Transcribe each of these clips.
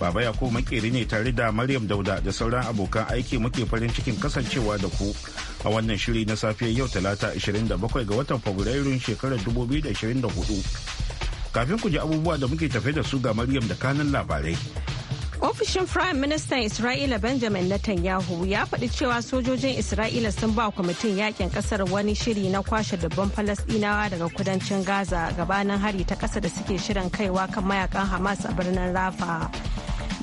Baba ya Yakubu makeri ne tare da Maryam Dauda da sauran abokan aiki muke farin cikin kasancewa da ku a wannan shiri na safiyar yau talata 27 ga watan Fabrairun shekarar 2024. Kafin ku ji abubuwa da muke tafe da su ga Maryam da kanan labarai. Ofishin Prime Minister Isra'ila Benjamin Netanyahu ya faɗi cewa sojojin Isra'ila sun ba kwamitin yakin ƙasar wani shiri na kwashe dubban Falasɗinawa daga kudancin Gaza gabanin hari ta ƙasa da suke shirin kaiwa kan mayakan Hamas a birnin Rafa.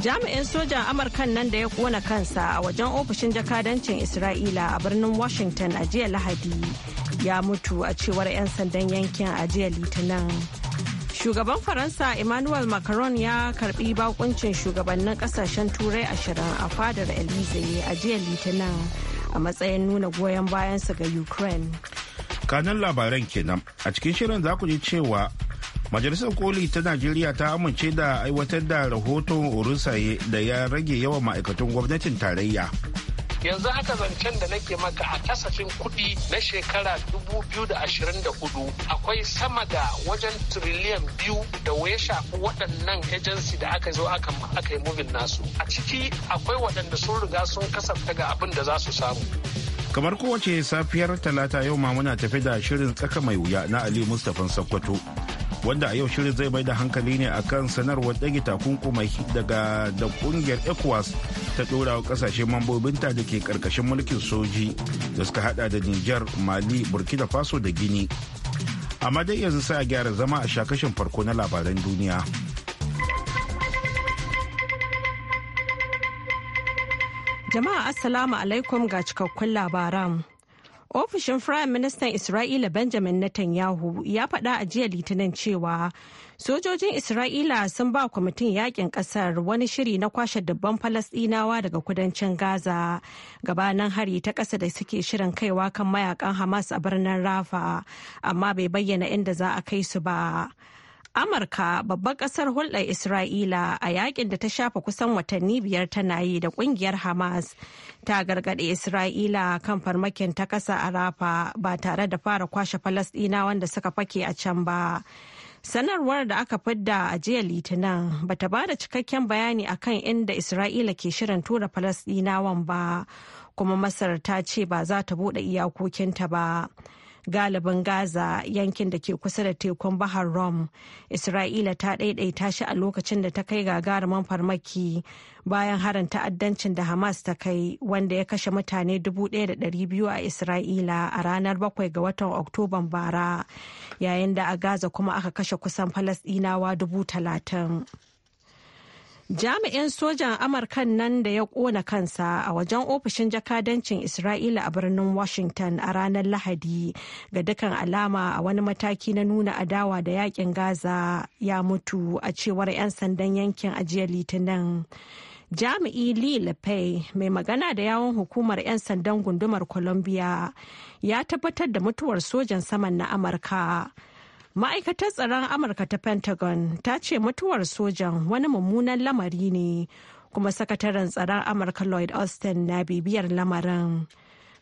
jami'in sojan amurkan nan da ya kona kansa a wajen ofishin jakadancin isra'ila a birnin washington a jiya lahadi ya mutu a cewar 'yan sandan yankin a jiya litinin shugaban faransa emmanuel macron ya karbi bakuncin shugabannin kasashen turai ashirin a fadar elysee a jiya litinin a matsayin nuna goyon bayansa ga ukraine kanan labaran kenan a cikin shirin za ku ji cewa majalisar koli ta najeriya ta amince da aiwatar da rahoton orusaye da ya rage yawan ma'aikatan gwamnatin tarayya yanzu haka zancen da nake maka a kasafin kuɗi na shekara 2024 akwai sama da wajen tiriliyan biyu da ya shafi waɗannan ejensi da aka zo aka yi mubin nasu a ciki akwai waɗanda sun riga sun kasafta ga abin da za su samu kamar kowace safiyar talata yau ma muna tafi da shirin tsaka mai wuya na ali mustapha sokoto wanda a yau shirin zai mai da hankali ne akan sanarwar ɗage takunkumi daga da ƙungiyar ecowas ta ɗora wa ƙasashen mambobinta da ke ƙarƙashin mulkin soji da suka hada da nijar mali burkina faso da gini amma dai yanzu sai a gyara zama a shakashin farko na labaran duniya jama'a assalamu alaikum ga cikakkun labaran Ofishin Firayim Ministan Isra'ila Benjamin Netanyahu ya faɗa a jiya Litinin cewa sojojin Isra'ila sun ba kwamitin yakin ƙasar wani shiri na kwashe dubban Falasɗinawa daga kudancin Gaza gabanin hari ta ƙasa da suke shirin kaiwa kan mayakan Hamas a birnin Rafa amma bai bayyana inda za a kai su ba. Amurka babbar kasar hulɗar Isra'ila a yakin da ta shafa kusan watanni biyar tana yi da kungiyar Hamas ta gargaɗi Isra'ila kan farmakin ta ƙasa a Rafa ba tare da fara kwashe Falasɗina wanda suka fake a can ba. Sanarwar da aka fidda a jiya Litinin bata ba da cikakken bayani akan inda Isra'ila ke shirin tura Falasɗinawan ba, kuma Masar ta ce ba za ta buɗe iyakokinta ba. galibin Gaza yankin da ke kusa da tekun Bahar Rum. Isra'ila ta ɗaiɗaita shi a lokacin da ta kai gagarumin farmaki bayan harin ta'addancin da Hamas ta kai wanda ya kashe mutane 1,200 a Isra'ila a ranar 7 ga watan Oktoban bara yayin da a Gaza kuma aka kashe kusan Falasɗinawa 30,000. Jami'in sojan Amurkan nan da ya kona kansa a wajen ofishin jakadancin Isra'ila a birnin Washington a ranar Lahadi ga dukkan alama a wani mataki na nuna adawa da yakin Gaza ya mutu a cewar 'yan sandan yankin ajiyar Litinin. jami'i lee lepay mai magana da yawon hukumar 'yan sandan gundumar columbia ya tabbatar da mutuwar sojan saman na amurka ma'aikatar tsaron amurka ta pentagon ta ce mutuwar sojan wani mummunan lamari ne kuma sakataren tsaron amurka lloyd austin na bibiyar lamarin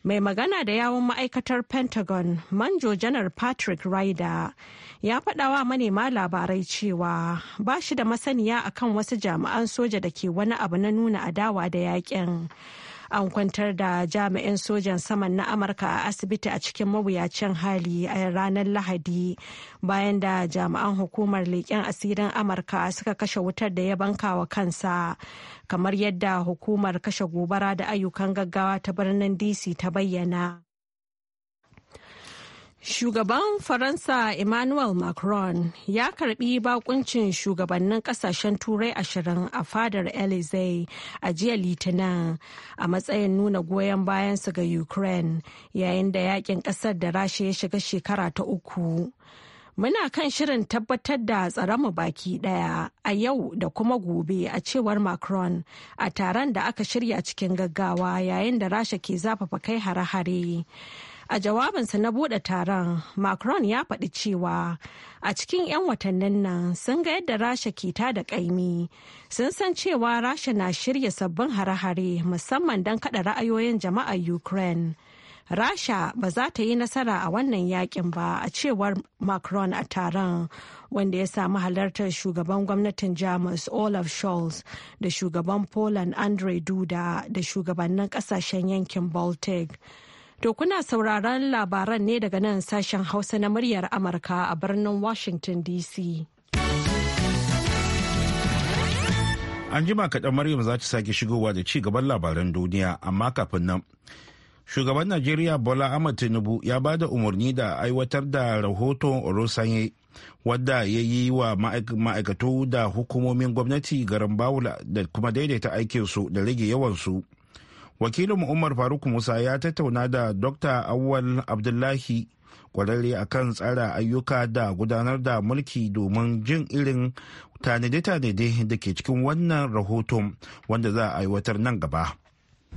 mai magana da yawun ma'aikatar pentagon manjo janar patrick ryder ya faɗawa manema labarai cewa ba shi da masaniya akan wasu jami'an soja da ke wani abu na nuna adawa da yakin an kwantar da jami'in sojan saman na amurka a asibiti a cikin mawuyacin hali a ranar lahadi bayan da jami'an hukumar leƙen asirin amurka suka kashe wutar da ya banka wa kansa kamar yadda hukumar kashe gobara da ayyukan gaggawa ta birnin dc ta bayyana Shugaban Faransa Emmanuel Macron ya karbi bakuncin shugabannin kasashen turai ashirin a fadar Elysee a jiya Litinin a matsayin nuna goyon bayansu ga Ukraine yayin da yakin kasar da rasha ya shiga shekara ta uku. Muna kan shirin tabbatar da mu baki daya a yau da kuma gobe a cewar Macron a taron da aka shirya cikin gaggawa yayin da rasha ke zafafa kai hare-hare. A jawabinsa na buɗe taron, Macron ya faɗi cewa a cikin 'yan watannin nan sun ga yadda Rasha ke da ƙaimi. Sun san cewa Rasha na shirya sabbin hare-hare musamman don kaɗa ra'ayoyin jama'ar Ukraine. Rasha ba za ta yi nasara a wannan yakin ba a cewar Macron a taron wanda ya samu halartar shugaban gwamnatin Jamus Olaf Scholz da shugaban Poland Andrei Duda da shugabannin kasashen yankin Baltic. To kuna sauraron labaran ne daga nan sashen Hausa na muryar Amurka a birnin Washington DC. An jima kaɗan Maryam za ta sake shigowa da ci gaban labaran duniya amma kafin nan. Shugaban Najeriya Bola Ahmad Tinubu ya ba da umarni da aiwatar da rahoton Orosanye wadda ya yi wa ma'aikatu da hukumomin gwamnati garin bawula da kuma daidaita aikinsu da rage yawansu. wakilin umar faruk musa ya tattauna da dr awwal abdullahi kwararre akan tsara ayyuka da gudanar da mulki domin jin irin tanade-tanade da ke cikin wannan rahoton wanda za a aiwatar nan gaba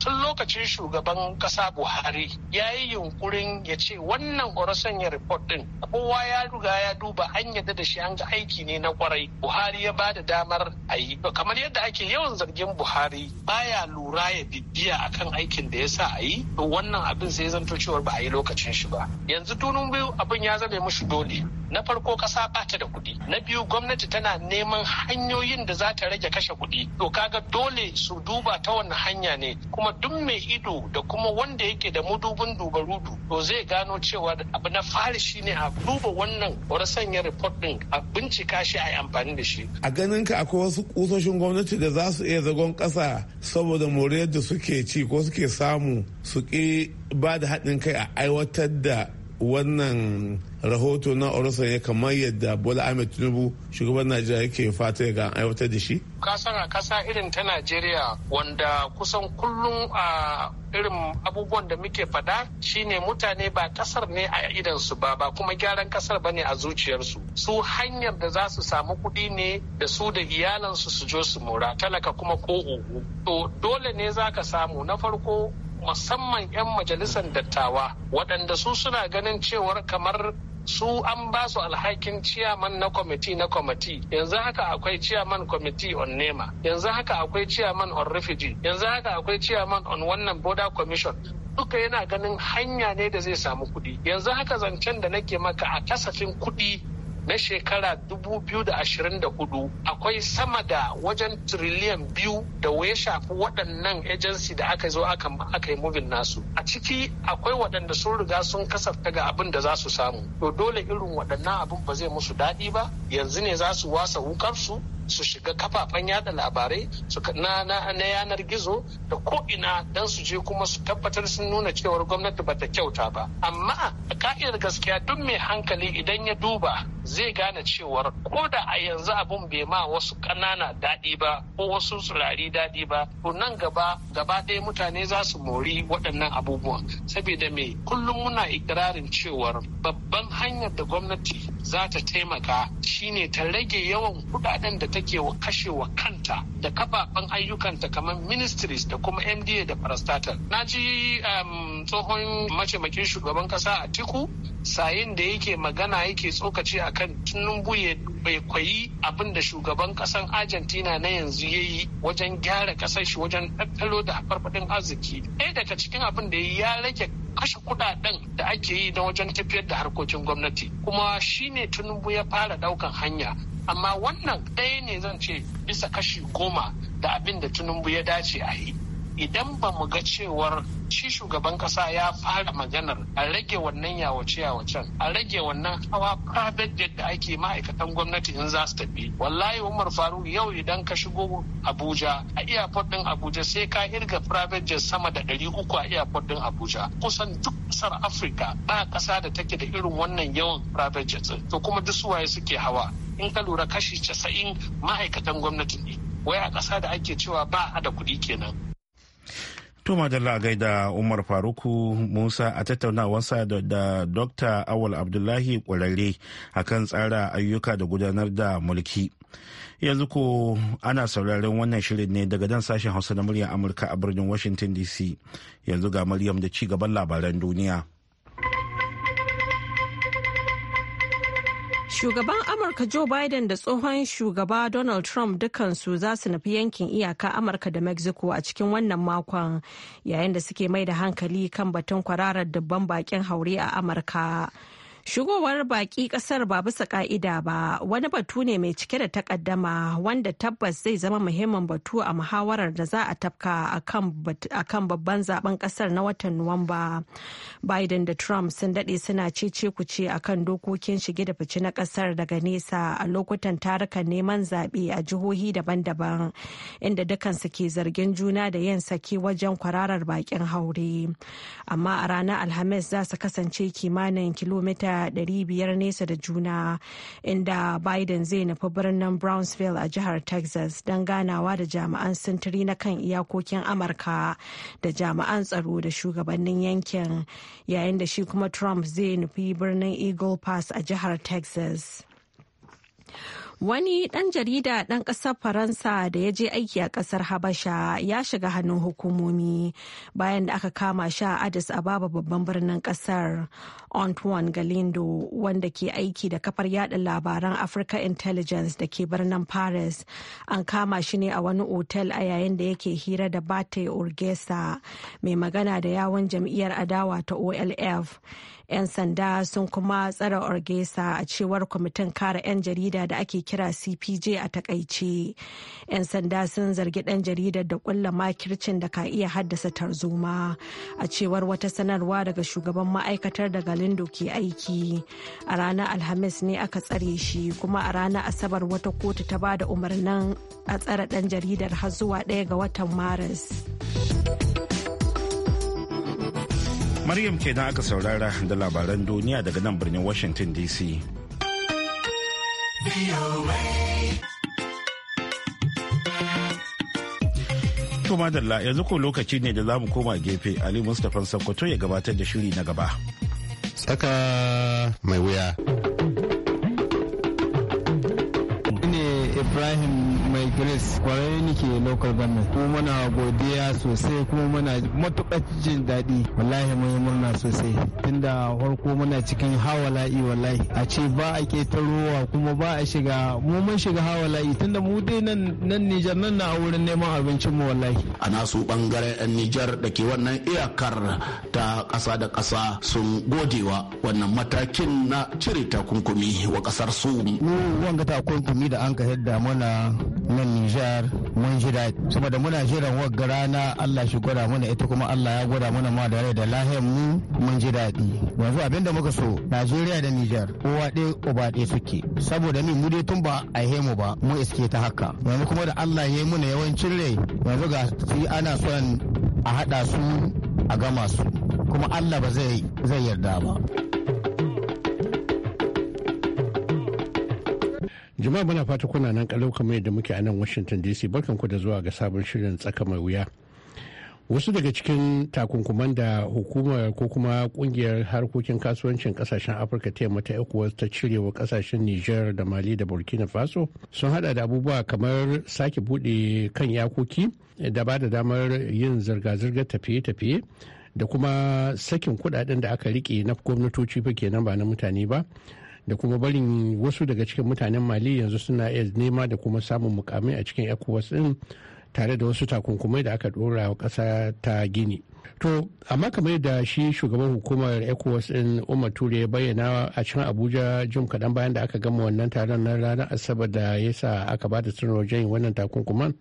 tun lokacin shugaban kasa buhari ya yi yunkurin ya ce wannan ya report din kowa ya ruga ya duba an yadda da shi an ga aiki ne na kwarai buhari ya ba da damar a yi kamar yadda ake yawan zargin buhari baya lura ya bibiya akan aikin da ya sa a yi wannan abin sai zanto cewar ba a yi lokacin shi ba yanzu tunun biyu abin ya zama mushi dole na farko kasa bata da kuɗi na biyu gwamnati tana neman hanyoyin da za ta rage kashe kuɗi to kaga dole su duba ta wani hanya ne kuma kuma duk mai ido da kuma wanda yake da mudubin dubarudu to zai gano cewa abu na fari shine a duba wannan wani sanya report din a bincika shi a yi amfani da shi a ganin ka akwai wasu kusoshin gwamnati da za su iya zagon kasa saboda moriyar da suke ci ko suke samu su ki ba da haɗin kai a aiwatar da wannan rahoto na orosan ya kamar yadda bola ahmed tinubu shugaban najeriya yake fata ga aiwatar da shi kasan a kasa irin ta najeriya wanda kusan kullum a irin abubuwan da muke faɗa shine mutane ba kasar ne a idansu ba ba kuma gyaran kasar ba ne a zuciyarsu su hanyar da za su samu kuɗi ne da su da iyalansu su jo su mura talaka kuma ko uku to dole ne za ka samu na farko musamman 'yan majalisar dattawa waɗanda su suna ganin cewar kamar su an ba su alhakin ciyaman na kwamiti na kwamiti yanzu haka akwai ciyaman kwamiti on nema yanzu haka akwai ciyaman on refugee yanzu haka akwai ciyaman on wannan border commission duka yana ganin hanya ne da zai samu kuɗi yanzu haka zancen da nake maka a kasafin kuɗi na shekara 2024 akwai sama da wajen tiriliyan biyu da ya shafi waɗannan agency da aka zo aka yi mubin nasu a ciki akwai waɗanda sun riga sun kasafta ga abin da za su samu to dole irin waɗannan abin ba zai musu daɗi ba yanzu ne za su wasa wukarsu su shiga kafafen yada labarai na, na, na yanar gizo da ko ina don su je kuma su tabbatar sun nuna cewar gwamnati bata kyauta ba amma a ka'idar gaskiya duk mai hankali idan ya duba zai gane cewar ko da a yanzu abun bai ma wasu ƙanana daɗi ba ko wasu surari daɗi ba to nan gaba gaba ɗaya mutane za su mori waɗannan abubuwan saboda me kullum muna ikirarin cewar babban hanyar da gwamnati za ta taimaka shine ta rage yawan kuɗaɗen da take wa kashewa kanta da kafafen ayyukanta kamar ministries da kuma mda da parastatal na ji um, tsohon mataimakin shugaban kasa a tiku sayin da yake magana yake tsokaci akan tunun ya bai kwayi abin da shugaban kasan argentina na yanzu ya yi wajen gyara kasar shi wajen tattalo da farfadin arziki ɗaya daga cikin abin da ya rage kashe kudaden da ake yi don wajen tafiyar da harkokin gwamnati kuma shine tunubu ya fara daukan hanya amma wannan ɗaya ne zan ce bisa kashi goma da abin da tunubu ya dace a yi idan ba mu ga cewar shi shugaban kasa ya fara maganar a rage wannan yawace yawacen a rage wannan hawa private jet da ake ma'aikatan gwamnati in za su tafi wallahi umar faruk yau idan ka shigo abuja a airport din abuja sai ka irga private jet sama da ɗari uku a airport din abuja kusan duk kasar afirka ba kasa da take da irin wannan yawan private jet to kuma duk suwaye suke hawa in ka lura kashi casa'in ma'aikatan gwamnati ne wai a ƙasa da ake cewa ba a da kuɗi kenan To Madalla gaida Umar Faruku Musa a tattaunawarsa da, da Dr. Awal Abdullahi kwararre akan tsara ayyuka da gudanar da mulki. Yanzu ko ana sauraron wannan shirin ne daga dan sashen Hausa na muryar Amurka a birnin Washington DC. Yanzu ga Maryam da ci gaban labaran duniya. Shugaban Amurka Joe Biden da tsohon shugaba Donald Trump dukansu za su nufi yankin iyaka Amurka da Mexico a cikin wannan makon yayin da suke mai da hankali kan batun kwararar dubban bakin haure a Amurka. Shigowar baƙi ƙasar ba bisa ƙa'ida ba wani batu ne mai cike da takaddama wanda tabbas zai zama muhimmin batu a muhawarar da za a tafka a kan babban zaben ƙasar na watan Nuwamba. Biden da Trump sun daɗe suna cece kuce a kan dokokin shige da fice na ƙasar daga nesa a lokutan tarukan neman zaɓe a jihohi daban-daban inda dukansu ke zargin juna da yin saki wajen kwararar baƙin haure. Amma a ranar Alhamis za su kasance kimanin kilomita kilomita biyar nesa da juna inda Biden zai nufi birnin Brownsville a jihar Texas don ganawa da jami'an sintiri na kan iyakokin Amurka da jami'an tsaro da shugabannin yankin yayin da shi kuma Trump zai nufi birnin Eagle Pass a jihar Texas. Wani ɗan jarida ɗan ƙasar Faransa da ya je aiki a ƙasar Habasha ya shiga hannun hukumomi bayan da aka kama shi a Addis Ababa babban birnin ƙasar. Antoine Galindo wanda ke aiki da kafar yada labaran Africa Intelligence da ke birnin Paris an kama shi ne a wani otel a yayin da yake hira da Bate Urgesa mai magana da yawon jam'iyyar adawa ta OLF. 'yan sanda sun kuma tsare orgesa a cewar kwamitin kare 'yan jarida da ake kira cpj a takaice 'yan sanda sun zargi ɗan jaridar da kulla makircin da ka iya haddasa tarzoma a cewar wata sanarwa daga shugaban ma'aikatar da galindo ke aiki a ranar alhamis ne aka tsare shi kuma a ranar asabar wata kotu ta bada umarnin a tsare ɗan jaridar har zuwa ɗaya ga watan maris. Maryam kenan aka saurara da labaran duniya daga nan birnin Washington DC. To madalla yanzu ko lokaci ne da za mu koma gefe Ali Mustapha Sokoto ya gabatar da shiri na gaba. Tsaka mai wuya. Ibrahim Grace kwarai nike local government kuma muna godiya sosai kuma muna matukar jin daɗi wallahi mun murna sosai tunda farko muna cikin hawala'i wallahi a ce ba a ketarowa kuma ba a shiga mu mun shiga hawala'i tunda mu dai nan nan Nijar nan na a wurin neman abincin mu wallahi a nasu bangare ɗan Nijar da ke wannan iyakar ta ƙasa da ƙasa sun godewa wannan matakin na cire takunkumi wa ƙasar su mu wanga takunkumi da an ka yadda mana nan Nijar mun ji daɗi saboda muna jiran wagga rana Allah shi gwada mana ita kuma Allah ya gwada mana ma da rai da lahiyar mu mun ji daɗi yanzu abinda muka so Najeriya da Nijar kowa ɗaya uba ɗaya suke saboda ni mu dai tun ba a yi mu ba mu iske ta haka yanzu kuma da Allah ya yi muna yawancin rai yanzu ga ana son a haɗa su a gama su kuma Allah ba zai yarda ba. jama'a muna fata kuna nan kalauka kamar yadda muke a nan washington dc barkanku da zuwa ga sabon shirin tsaka mai wuya wasu daga cikin takunkuman da hukumar ko kuma kungiyar harkokin kasuwancin kasashen afirka ta yamma ta ecowas ta cirewa kasashen niger da mali da burkina faso sun hada da abubuwa kamar sake bude kan yakoki da ba da damar yin zirga-zirgar tafiye-tafiye da kuma sakin kudaden da aka rike na gwamnatoci ba kenan ba na mutane ba da kuma barin wasu daga cikin mutanen mali yanzu suna iya nema da kuma samun mukamai a cikin ecowas din tare da wasu takunkumai da aka dora wa ƙasa ta gini to amma kamar da shi shugaban hukumar ecowas din umar ture ya bayyana a cikin abuja jim kaɗan bayan da aka gama wannan taron na ranar asabar da ya sa aka ba da sanarwar wannan takunkuman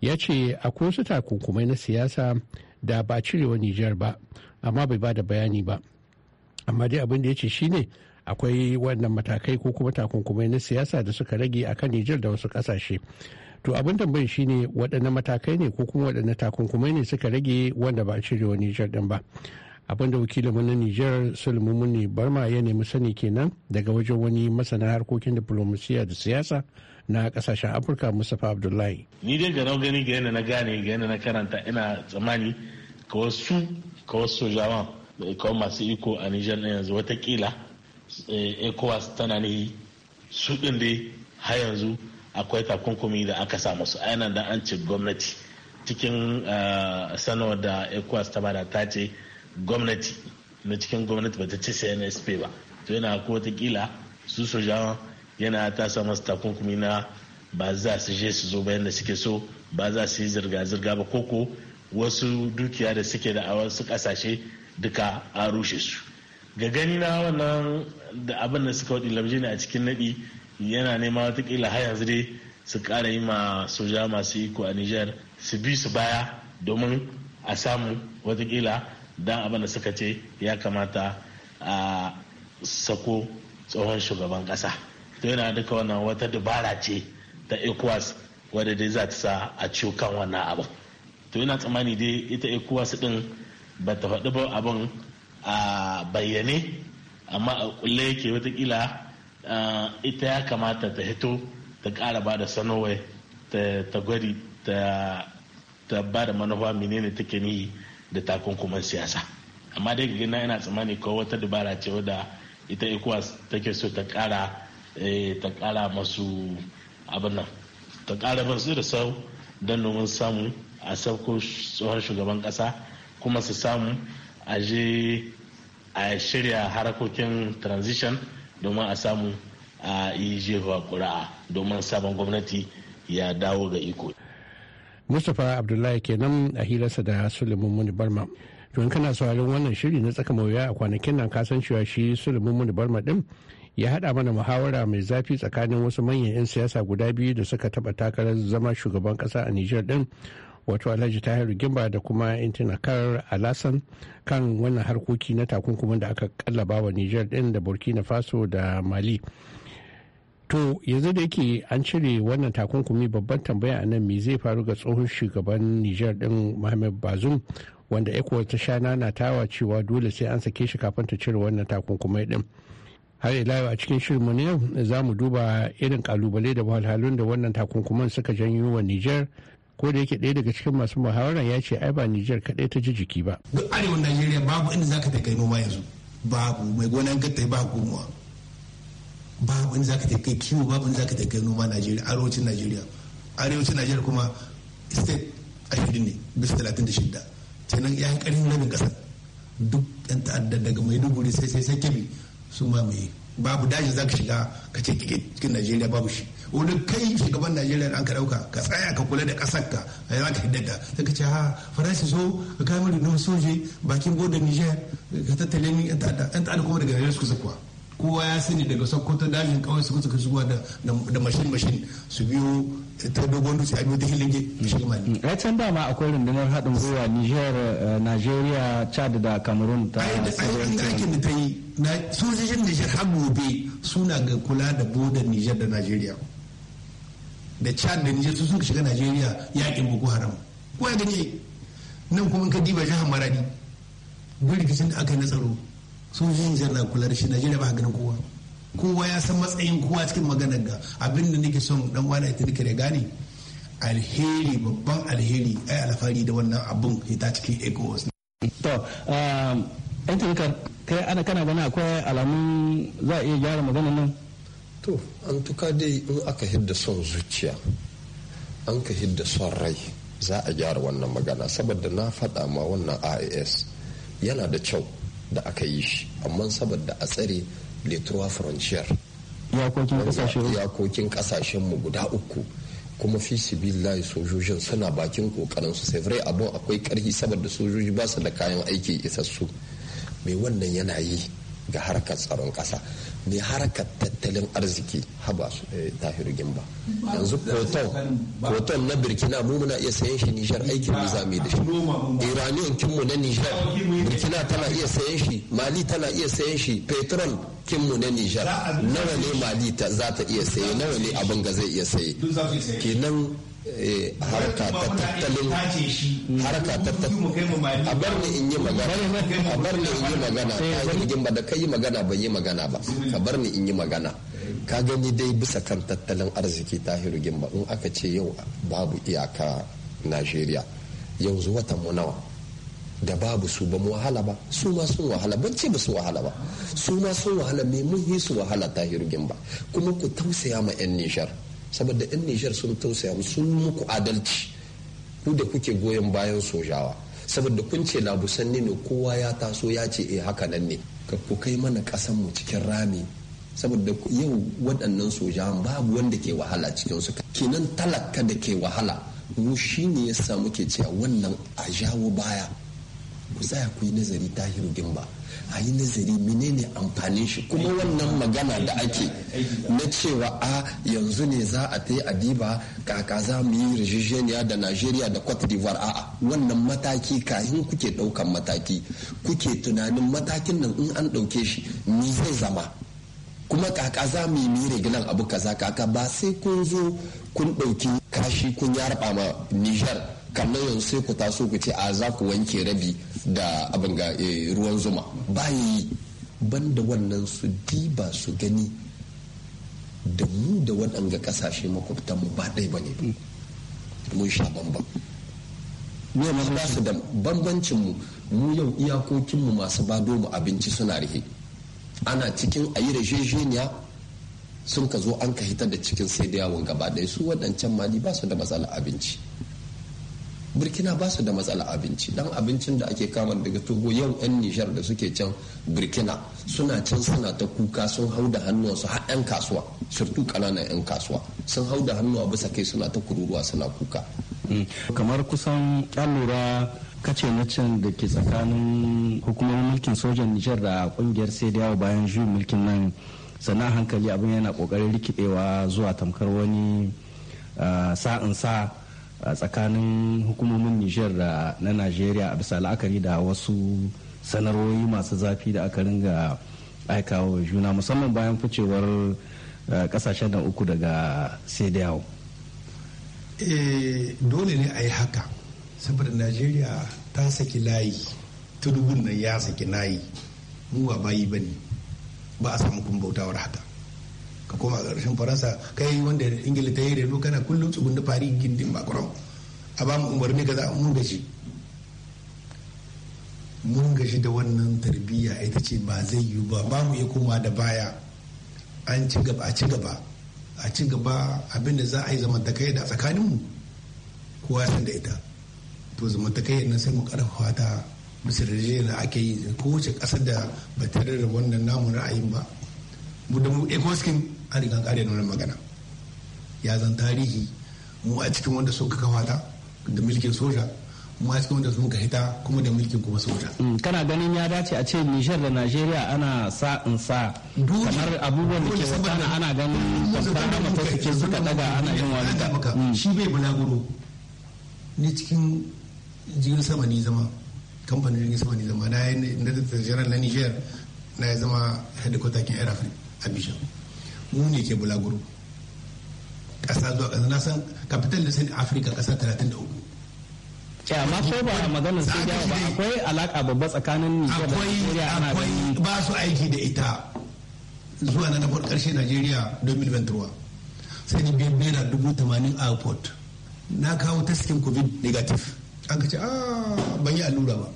ya ce akwai wasu takunkumai na siyasa da ba cirewa nijar ba amma bai ba da bayani ba amma dai abin da ya ce shine akwai wannan matakai ko kuma takunkumai na siyasa da suka rage a kan nijar da wasu kasashe to abin tambayi shine waɗanne matakai ne ko kuma waɗanne takunkumai ne suka rage wanda ba a cire wa nijar din ba abin da wakilinmu na nijar sulmumuni barma ya nemi sani kenan daga wajen wani masana harkokin diplomasiya da siyasa na kasashen afirka mustapha abdullahi ni dai ga gani ga yana na gane ga yana na karanta ina tsammani ka wasu ka wasu sojawan da ikon masu iko a nijar na yanzu watakila Eh, ecowas tana nihi su ɗin dai har yanzu akwai takunkumi da aka samu su ainihin da an ce gwamnati cikin eh, sanarwar da ecowas ta bada ta ce gwamnati na cikin gwamnati bata ce cnsp ba to yana ko watakila su soja yana ta samu su takunkumi na ba za su je su zo bayan da suke so ba za su yi zirga-zirga ba koko wasu dukiya da suke da a wasu kasashe duka a rushe su ga gani na wannan da abin da suka waɗi labje ne a cikin naɗi yana nema watakila har yanzu dai su kara yi ma soja masu iko a Nijar su bi su baya domin a samu watakila don abin da suka ce ya kamata a sako tsohon shugaban ƙasa. To yana duka wannan wata dubara ce ta ECOWAS wadda dai za ta sa a ciwo kan wannan abin. To yana tsammani dai ita ECOWAS din ba ta faɗi ba abin a bayyane amma a kulle yake watakila ita ya kamata ta hito ta kara ba da sanowai ta gwari ta ba da manufa menene take ni da takunkuman siyasa amma dai gina yana tsammani ko wata dabara ce wadda ita ecowas take so ta kara eh, ta kara masu abin nan ta kara masu da sau don domin samu a sauko tsohon shugaban kasa kuma su samu a je a shirya harakokin transition domin a samu a yi jefa kura'a domin sabon gwamnati ya dawo ga iko. mustapha abdullahi kenan a hirarsa da suleiman muni barma to kana sauraron wannan shiri na tsaka mawuya a kwanakin nan ka san cewa shi suleiman muni barma din ya hada mana muhawara mai zafi tsakanin wasu manyan 'yan siyasa guda biyu da suka taba takarar zama shugaban kasa a niger din wato alhaji tahiru gimba da kuma intinakar alasan kan wannan harkoki na takunkumin da aka kallaba wa niger din da burkina faso da mali to yanzu da yake an cire wannan takunkumi babban tambaya a nan me zai faru ga tsohon shugaban niger din mohamed bazum wanda ecuador ta sha tawa cewa dole sai an sake shi kafin ta cire wannan takunkumai din har ila a cikin shirinmu na yau za mu duba irin kalubale da wahalhalun da wannan takunkuman suka janyo wa niger ko da yake ɗaya daga cikin masu muhawarar ya ce ai ba Nijar kaɗai ta ji jiki ba. Duk arewan Najeriya babu inda zaka ta kai noma yanzu babu mai gonan gatta ba gomuwa babu inda zaka ta kai kiwo babu inda zaka ta kai noma Najeriya arewacin Najeriya arewacin Najeriya kuma state ashirin ne bisa talatin da shidda kenan ya ƙarfin rabin ƙasa duk ɗan ta'adda daga maiduguri sai sai sai kemi su ma mai babu dajin zaka shiga ka ce cikin Najeriya babu shi. wani kai shugaban najeriya an ka dauka ka tsaya ka kula da kasar ka za ka hiddata sai ka ce ha faransa so ka kai da don soje bakin godon niger ka tattale ni yan ta'ada kuma daga yanzu suka zakuwa kowa ya sani daga sokoto dajin kawai su suka shigo da mashin mashin su biyo ta dogon dutse a biyu ta hilinge mashin mali. a mm. eh, can dama akwai rundunar haɗin gwiwa niger eh, nigeria chad da cameroon ta ayyukan aikin da ta yi sojojin niger har gobe suna ga kula da bodar niger da nigeria da chad da nijar su suka shiga najeriya yakin boko haram ko ya gani nan kuma ka diba jihar maradi duk da aka yi na tsaro sojojin niger na kula da shi najeriya ba ganin kowa kowa ya san matsayin kowa cikin maganar ga abin da nake son dan wani ya nake da gane alheri babban alheri ai alfahari da wannan abun ya ta cikin ecowas to um, kai ana kana gani akwai alamun za a iya gyara maganar nan to an tuka dai in aka hidda son zuciya an ka hidda son rai za a gyara wannan magana saboda na faɗa ma wannan ias yana da kyau da aka yi shi amma saboda a tsare letrowa frontier iyakokin kasashen mu guda uku kuma fi sibillahi sojojin suna bakin kokarin su sai rai abun akwai karhi saboda sojoji ba su da kayan aiki isassu mai wannan yana yi ga harkar tsaron kasa mai harkar tattalin arziki haba su eh, tahiru gimba yanzu proton na burkina mu muna iya sayan shi nishar aikin mu za da shi iraniyan kinmu na nishar burkina tana iya sayan shi mali tana iya sayan shi petrol kinmu na nishar nawa ne mali ta za ta iya saye nawa ne abin ga zai iya saye kenan Eh, harka tattalin harka tattalin a bar ni in yi magana a bar ni in yi magana ka yi ba da kai yi magana ba yi magana ba ka bar ni in yi magana ka gani dai bisa kan tattalin arziki ta hirgin ba in aka ce yau babu iyaka najeriya yanzu watan mu nawa da babu su ba mu wahala ba su ma sun wahala ban ce ba su wahala ba su ma sun wahala me mun yi su wahala ta hirgin ba kuma ku tausaya ma yan nishar saboda yan nijar sun tausaya mu sun muku adalci ku da kuke goyon bayan sojawa saboda kun ce labusan ne kowa ya taso ya ce eh haka nan ne ka ku kai mana kasan mu cikin rami saboda yau waɗannan sojawan babu wanda ke wahala cikin su kenan talaka da ke wahala mu shine yasa muke cewa wannan a jawo baya ku tsaya ku yi nazari tahiru gimba a yi nazari menene amfanin shi kuma wannan magana da ake na cewa a yanzu ne za a ta yi adiba kaka za mu yi rijijeniya da najeriya da cote d'ivoire a'a wannan mataki kayan kuke daukan mataki kuke tunanin matakin nan in an dauke shi ni zai zama kuma kaka za mu yi gidan abu kaza kaka ba sai kun zo kun dauki kashi kun yarba ma nijar. kamar yanzu sai ku taso ku ce a za ku wanke rabi da abin ga eh, ruwan zuma bayi banda wannan su diba su gani da mu da waɗanga ƙasashe makwabtan mu ba ɗai ba ne mun sha bambam ne ma ba su da bambancin mu mu yau iyakokin mu masu bado mu abinci suna rihe ana cikin ayi rajejeniya sun ka zo an ka hitar da cikin sai da yawon gaba ɗaya su waɗancan mali ba su da matsalar abinci burkina ba su da matsala abinci dan abincin da ake kama daga togo yau yan nishar da suke can burkina suna can suna ta kuka sun hau da hannuwa su har yan kasuwa surtu kananan yan kasuwa sun hau da hannuwa bisa kai suna ta kururuwa suna kuka mm. kamar kusan kyalura kace na can da ke tsakanin hukumomin mulkin sojan nijar da kungiyar sai da bayan juyin mulkin nan sana hankali abin yana kokarin rikidewa zuwa tamkar wani ah, sa'in sa a tsakanin hukumomin nijar da na najeriya a bisa la'akari da wasu sanarwoyi masu zafi da aka ringa aikawa juna musamman bayan ficewar eh, kasashen da uku daga sediyawo eh, dole ne a yi haka saboda najeriya ta saki layi tudubun nan ya saki layi mu ba bayi bane ba a samu kun bautawar haka ka koma ƙarshen faransa kai wanda ingila ta yi reno kana kullum tsugun da fari gindin macron a ba mu umarni a mun gashi mun gashi da wannan tarbiyya ita ce ba zai yiwu ba ba mu iya koma da baya an ci gaba a ci gaba a ci gaba abinda za a yi zamantakai da tsakaninmu kowa san da ita to zamantakai nan sai mu karfafa ta bisa da ake yi kowace ƙasar da ba tare da wannan namun ra'ayin ba mu da mu ecoskin an riga kare nuna magana ya zan tarihi mu a cikin wanda suka kafa ta da mulkin soja mu a cikin wanda ka hita kuma da mulkin kuma soja mm, kana ganin ya dace a ce Nijar da Najeriya ana sa in sa kamar abubuwan da ke wata ana ganin kwamfana mata suke suka daga ana yin wani mm. shi bai bulaguro ni cikin jirgin sama ni zama kamfanin jirgin sama ni zama na yi na na Nijar na ya zama kin Air Africa Abidjan mu ne ke bulaguro ƙasa zuwa ƙasa na san capital da sani afirka ƙasa 33 amma ko ba maganar sai da ba akwai alaka babba tsakanin Nijar da Najeriya ana ganin ba su aiki da ita zuwa na nafar karshe Najeriya 2023 sai ni biyan naira dubu tamanin airport na kawo taskin covid negative an kace ah ban yi allura ba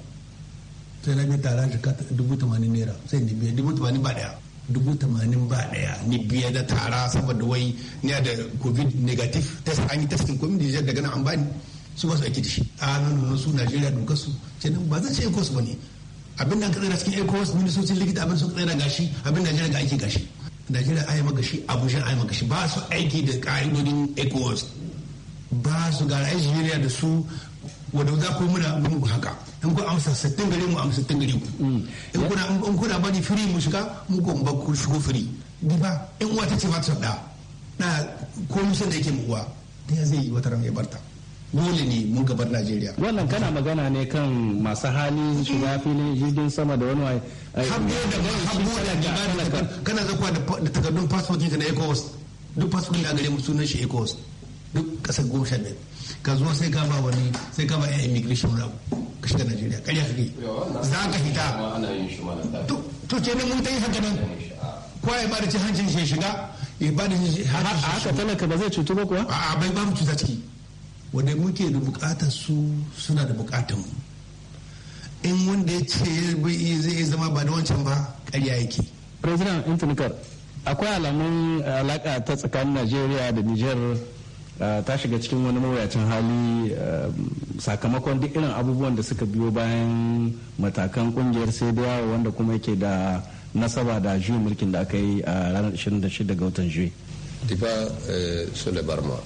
sai na biya tara dubu tamanin naira sai ni biya dubu tamanin ba daya dubu tamanin ba daya ni biya da tara saboda wai ni da covid negative test an yi testing da niger daga nan an bani su ba su aiki da shi a nan su najeriya dokar su nan ba zan ce ecos ba ne abin da kadai da cikin ecos ministocin likita abin sun kadai da gashi abin najeriya ga aiki gashi najeriya maka shi abuja maka shi ba su aiki da ka'idodin ecos ba su ga najeriya da su wadau za ku muna mun haka in ku amsa sittin gari mu amsa sittin gari ku mm. in kuna in kuna bari firi mu shiga mu ko ba ku shigo firi ni ba in uwa ta ce ba ta da na ko san da yake mu uwa da ya zai yi wata ran ya barta dole ne mun gabar Najeriya. Wannan kana magana ne kan masu hali mm. shiga filin jirgin sama da wani Habbo da ban habbo da gaba da kana zakwa da takardun fasfot ka na ECOWAS duk fasfot da gare mu sunan shi ECOWAS. duk kasar goshen ne ka zo sai ka ba wani sai ka ba ya immigration rabu ka shiga najeriya karya kake za ka hita to ce ne mun ta yi haka nan kowa ya bada ci hancin shi shiga ya bada hancin haka talaka ba zai cutu ba kuwa a bai mu cuta ciki wanda muke da bukatar su suna da bukatar mu in wanda ya ce zai zama ba da wancan ba karya yake president intanikar akwai alamun alaka ta tsakanin najeriya da nijar Eh, ta shiga cikin wani mawuyacin hali eh, sakamakon duk irin abubuwan da suka biyo bayan matakan kungiyar sai wanda kuma yake da nasaba da juyin mulkin da aka yi a ranar 26 ga watan juyi. diba eh, sule barma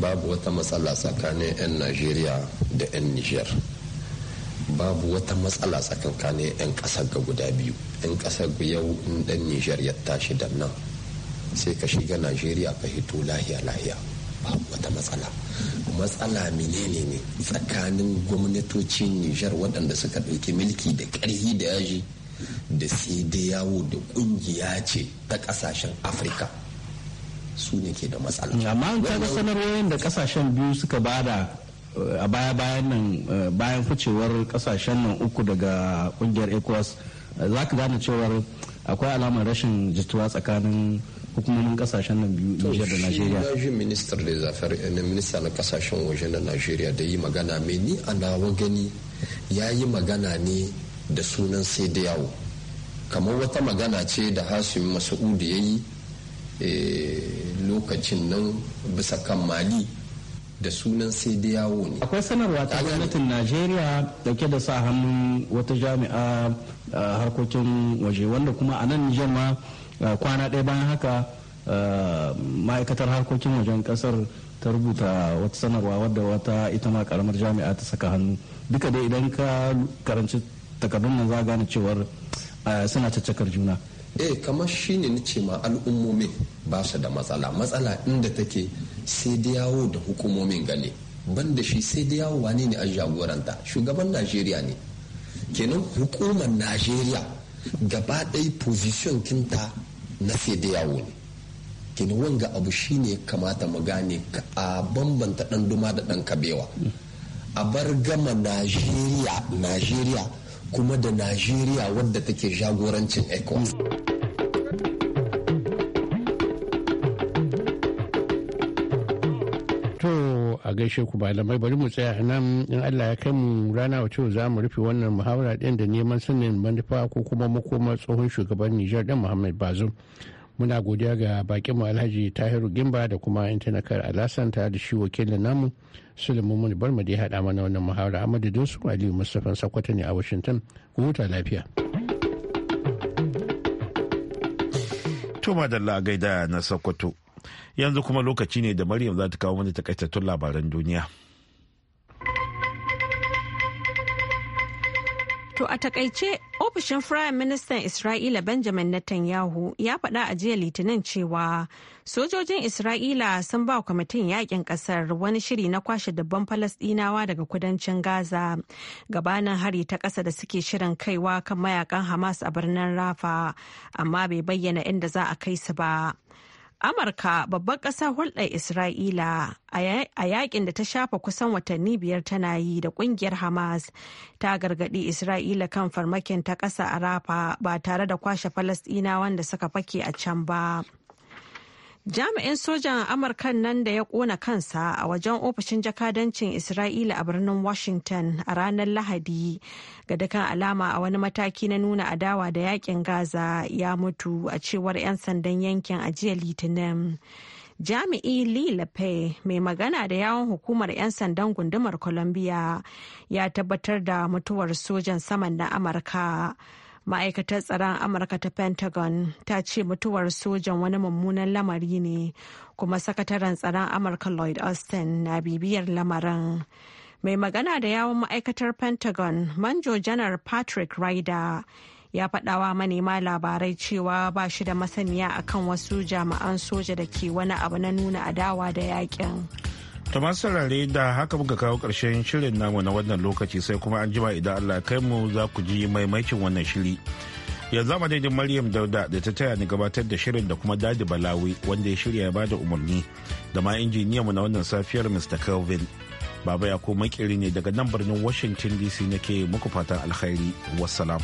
babu wata matsala tsakanin 'yan najeriya da 'yan niger babu wata matsala tsakanin 'yan kasar ga guda biyu 'yan kasar yau in dan niger ya tashi da nan sai ka shiga najeriya ka hito lahiya lahiya wata matsala matsala menene ne tsakanin gwamnatocin nijar waɗanda suka ɗauki mulki da ƙarfi da yaji da sai da yawo da ƙungiya ce ta ƙasashen afirka su ne ke da matsala mm, amma an kaga sanarwoyin da ƙasashen biyu suka bada eh, a baya bayan nan eh, bayan ficewar ƙasashen nan uku daga ƙungiyar ecowas eh, za ka gane cewar akwai alamar rashin jituwa tsakanin hukumomin kasashen nan biyu Nijar da Najeriya. To shi minister da zafar eh, minister na kasashen waje na Najeriya da yi magana mai ni a nawa gani ya yi magana ne da sunan sai da yawo. Kamar wata magana ce da Hasim Masu'udu ya yi eh, lokacin nan bisa kan Mali da sunan sai da yawo ne. Akwai sanarwa ta gwamnatin Najeriya dauke da sa hannun wata jami'a eh, harkokin waje wanda kuma a nan Nijar ma Uh, kwana ɗaya bayan haka uh, ma'aikatar harkokin wajen kasar ta rubuta wata sanarwa wadda wata ita ma karamar jami'a ta saka hannu duka dai idan ka karanci takardun nan za gane cewar uh, suna caccakar juna eh kamar shine na ce ma al'ummomin ba su da matsala matsala inda take sai da yawo da hukumomin gane ban da shi sai da yawo wane ne a jagoranta shugaban najeriya ne kenan hukumar najeriya gaba ɗai position kinta na da yawo ne kin wanga abu shine kamata mu gane a bambanta ɗan duma da ɗan kabewa a bar gama najeriya najeriya kuma da najeriya wadda take jagorancin ecowas a gaishe ku malamai bari mu tsaya nan in allah ya kai mu rana wacce za mu rufe wannan muhawara din da neman sanin manufa ko kuma makomar tsohon shugaban nijar din muhammad bazum muna godiya ga baƙin mu alhaji tahiru gimba da kuma intanakar alasan ta da shi wakilin namu sulaiman Mumuni bar da ya haɗa mana wannan muhawara amadu Dusu aliyu Mustafa sakwato ne a washington ku huta lafiya to madalla gaida na sokoto. yanzu kuma lokaci ne da maryam za ta kawo mana takaitattun labaran duniya To a takaice ofishin Firayim Ministan Isra'ila Benjamin Netanyahu ya faɗa a jiya Litinin cewa sojojin Isra'ila sun ba kwamitin yakin ƙasar wani shiri na kwashe dubban Falasɗinawa daga kudancin Gaza gabanin hari ta ƙasa da suke shirin kaiwa kan mayakan Hamas a birnin Rafa amma bai bayyana inda za a kai su ba. Amurka babban ƙasa hulɗar Isra'ila a yakin da ta shafa kusan watanni biyar tana yi da ƙungiyar Hamas ta gargaɗi Isra'ila kan farmakin ta ƙasa a Rafa ba tare da kwashe Falasɗina wanda suka fake a can ba. Jami'in sojan Amurkan nan da ya kona kansa a wajen ofishin jakadancin Isra'ila a birnin Washington a ranar Lahadi ga dukkan alama a wani mataki na nuna adawa da yakin Gaza ya mutu a cewar 'yan sandan yankin a jiya Litinin. jami'i lee lape mai magana da yawon hukumar 'yan sandan gundumar columbia ya tabbatar da mutuwar sojan saman na amurka ma'aikatar tsaron amurka ta pentagon ta ce mutuwar sojan wani mummunan lamari ne kuma sakataren tsaron amurka lloyd austin na bibiyar lamarin mai magana da yawon ma'aikatar pentagon manjo janar patrick ryder ya faɗawa manema labarai cewa ba shi da masaniya akan wasu jami'an soja da ke wani abu na nuna adawa da yakin. masu saurare da haka muka kawo ƙarshen shirin namu na wannan lokaci sai kuma an jima idan Allah kai mu za ku ji maimakin wannan shiri. Yanzu a madadin Maryam Dauda da ta taya ni gabatar da shirin da kuma Dadi Balawi wanda ya shirya ya bada umarni da ma injiniya mu na wannan safiyar Mr. Kelvin. Baba ya ko makiri ne daga nan birnin Washington DC nake muku fatan alkhairi. wasalam.